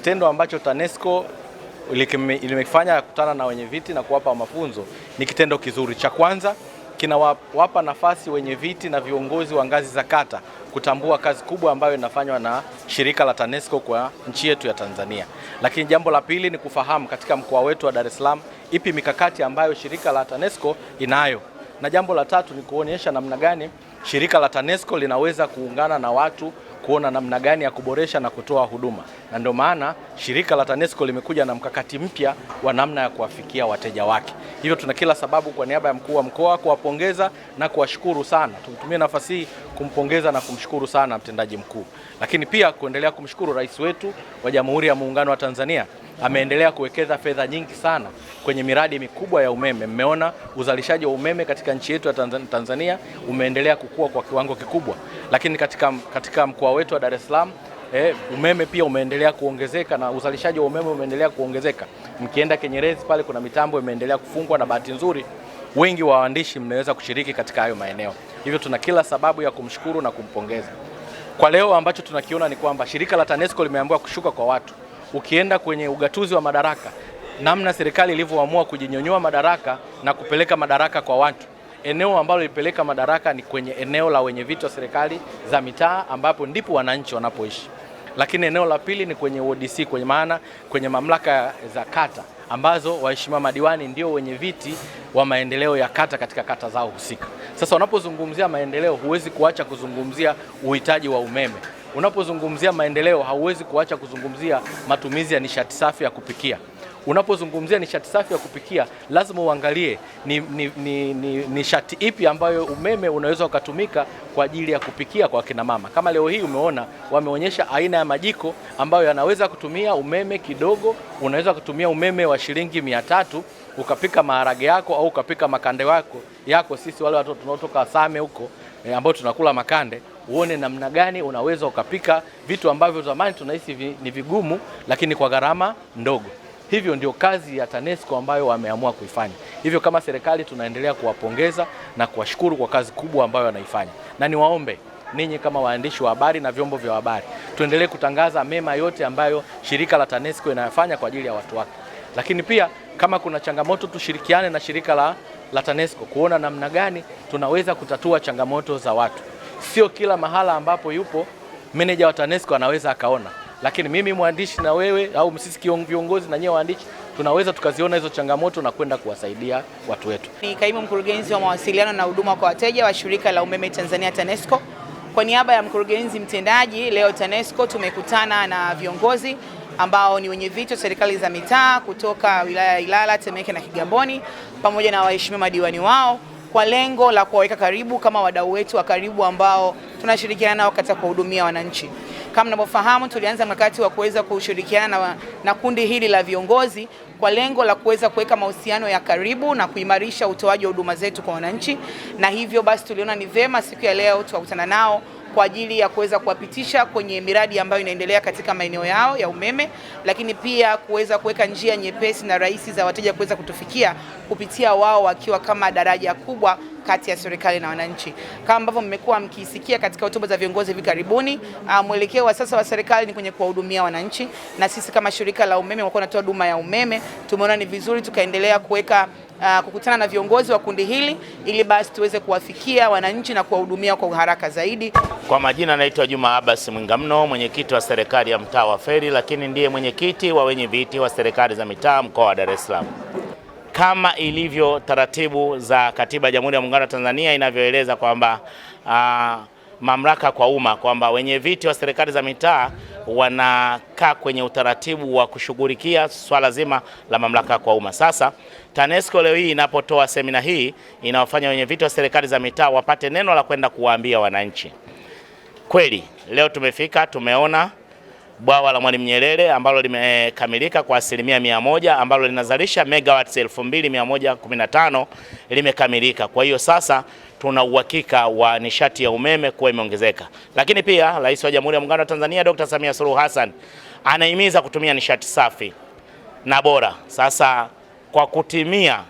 Kitendo ambacho TANESCO limefanya kukutana na wenye viti na kuwapa mafunzo ni kitendo kizuri. Cha kwanza kinawapa nafasi wenye viti na viongozi wa ngazi za kata kutambua kazi kubwa ambayo inafanywa na shirika la TANESCO kwa nchi yetu ya Tanzania. Lakini jambo la pili ni kufahamu katika mkoa wetu wa Dar es Salaam ipi mikakati ambayo shirika la TANESCO inayo, na jambo la tatu ni kuonyesha namna gani shirika la TANESCO linaweza kuungana na watu kuona namna gani ya kuboresha na kutoa huduma, na ndio maana shirika la TANESCO limekuja na mkakati mpya wa namna ya kuwafikia wateja wake. Hivyo tuna kila sababu kwa niaba ya mkuu wa mkoa kuwapongeza na kuwashukuru sana. Tumtumie nafasi hii kumpongeza na kumshukuru sana mtendaji mkuu, lakini pia kuendelea kumshukuru rais wetu wa Jamhuri ya Muungano wa Tanzania ameendelea kuwekeza fedha nyingi sana kwenye miradi mikubwa ya umeme. Mmeona uzalishaji wa umeme katika nchi yetu ya Tanzania umeendelea kukua kwa kiwango kikubwa lakini katika, katika mkoa wetu wa Dar es Salaam E, umeme pia umeendelea kuongezeka na uzalishaji wa umeme umeendelea kuongezeka. Mkienda Kinyerezi pale kuna mitambo imeendelea kufungwa, na bahati nzuri wengi wa waandishi mmeweza kushiriki katika hayo maeneo, hivyo tuna kila sababu ya kumshukuru na kumpongeza. Kwa leo ambacho tunakiona ni kwamba shirika la TANESCO limeambiwa kushuka kwa watu. Ukienda kwenye ugatuzi wa madaraka, namna serikali ilivyoamua kujinyonyoa madaraka na kupeleka madaraka kwa watu eneo ambalo lilipeleka madaraka ni kwenye eneo la wenye viti wa serikali za mitaa, ambapo ndipo wananchi wanapoishi, lakini eneo la pili ni kwenye ODC, kwenye maana kwenye mamlaka za kata ambazo waheshimiwa madiwani ndio wenye viti wa maendeleo ya kata katika kata zao husika. Sasa unapozungumzia maendeleo, huwezi kuacha kuzungumzia uhitaji wa umeme. Unapozungumzia maendeleo, hauwezi kuacha kuzungumzia matumizi ya nishati safi ya kupikia unapozungumzia nishati safi ya kupikia lazima uangalie ni, ni, ni, ni, nishati ipi ambayo umeme unaweza ukatumika kwa ajili ya kupikia kwa kina mama. Kama leo hii umeona wameonyesha aina ya majiko ambayo yanaweza kutumia umeme kidogo. Unaweza kutumia umeme wa shilingi mia tatu ukapika maharage yako au ukapika makande yako yako. Sisi wale watoto tunaotoka Same huko e, ambao tunakula makande uone namna gani unaweza ukapika vitu ambavyo zamani tunahisi ni vigumu, lakini kwa gharama ndogo. Hivyo ndio kazi ya TANESCO ambayo wameamua kuifanya. Hivyo kama serikali tunaendelea kuwapongeza na kuwashukuru kwa kazi kubwa ambayo wanaifanya, na niwaombe ninyi kama waandishi wa habari na vyombo vya habari tuendelee kutangaza mema yote ambayo shirika la TANESCO inayofanya kwa ajili ya watu wake, lakini pia kama kuna changamoto tushirikiane na shirika la, la TANESCO kuona namna gani tunaweza kutatua changamoto za watu. Sio kila mahala ambapo yupo meneja wa TANESCO anaweza akaona lakini mimi mwandishi na wewe au sisi viongozi na nyewe waandishi tunaweza tukaziona hizo changamoto na kwenda kuwasaidia watu wetu. Ni kaimu mkurugenzi wa mawasiliano na huduma kwa wateja wa shirika la umeme Tanzania TANESCO. Kwa niaba ya mkurugenzi mtendaji, leo TANESCO tumekutana na viongozi ambao ni wenye viti wa serikali za mitaa kutoka wilaya ya Ilala, Temeke na Kigamboni pamoja na waheshimiwa madiwani wao kwa lengo la kuwaweka karibu kama wadau wetu wa karibu ambao tunashirikiana nao katika kuhudumia wananchi. Kama mnavyofahamu, tulianza mkakati wa kuweza kushirikiana na kundi hili la viongozi kwa lengo la kuweza kuweka mahusiano ya karibu na kuimarisha utoaji wa huduma zetu kwa wananchi, na hivyo basi tuliona ni vema siku ya leo tukakutana nao kwa ajili ya kuweza kuwapitisha kwenye miradi ambayo inaendelea katika maeneo yao ya umeme, lakini pia kuweza kuweka njia nyepesi na rahisi za wateja kuweza kutufikia kupitia wao wakiwa kama daraja kubwa kati ya serikali na wananchi. Kama ambavyo mmekuwa mkisikia katika hotuba za viongozi hivi karibuni, ah, mwelekeo wa sasa wa serikali ni kwenye kuwahudumia wananchi, na sisi kama shirika la umeme, kwa kuwa huduma ya umeme, tumeona ni vizuri tukaendelea kuweka uh, kukutana na viongozi wa kundi hili ili basi tuweze kuwafikia wananchi na kuwahudumia kwa uharaka zaidi. Kwa majina naitwa Juma Abbas Mwingamno, mwenyekiti wa serikali ya mtaa wa Feri, lakini ndiye mwenyekiti wa wenye viti wa serikali za mitaa mkoa wa Dar es Salaam. Kama ilivyo taratibu za katiba ya Jamhuri ya Muungano wa Tanzania inavyoeleza kwamba uh, mamlaka kwa umma kwamba wenye viti wa serikali za mitaa wanakaa kwenye utaratibu wa kushughulikia swala zima la mamlaka kwa umma. Sasa TANESCO leo hii inapotoa semina hii inawafanya wenye viti wa serikali za mitaa wapate neno la kwenda kuwaambia wananchi. Kweli leo tumefika, tumeona bwawa la Mwalimu Nyerere ambalo limekamilika kwa asilimia mia moja ambalo linazalisha megawatts 2115 limekamilika. Kwa hiyo sasa tuna uhakika wa nishati ya umeme kuwa imeongezeka. Lakini pia Rais wa Jamhuri ya Muungano wa Tanzania Dr. Samia Suluhu Hassan anahimiza kutumia nishati safi na bora. Sasa kwa kutimia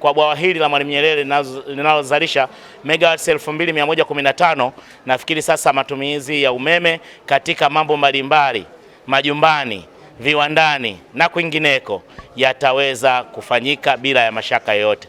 kwa bwawa hili la Mwalimu Nyerere linalozalisha megawatt 2115 nafikiri sasa matumizi ya umeme katika mambo mbalimbali majumbani, viwandani na kwingineko yataweza kufanyika bila ya mashaka yoyote.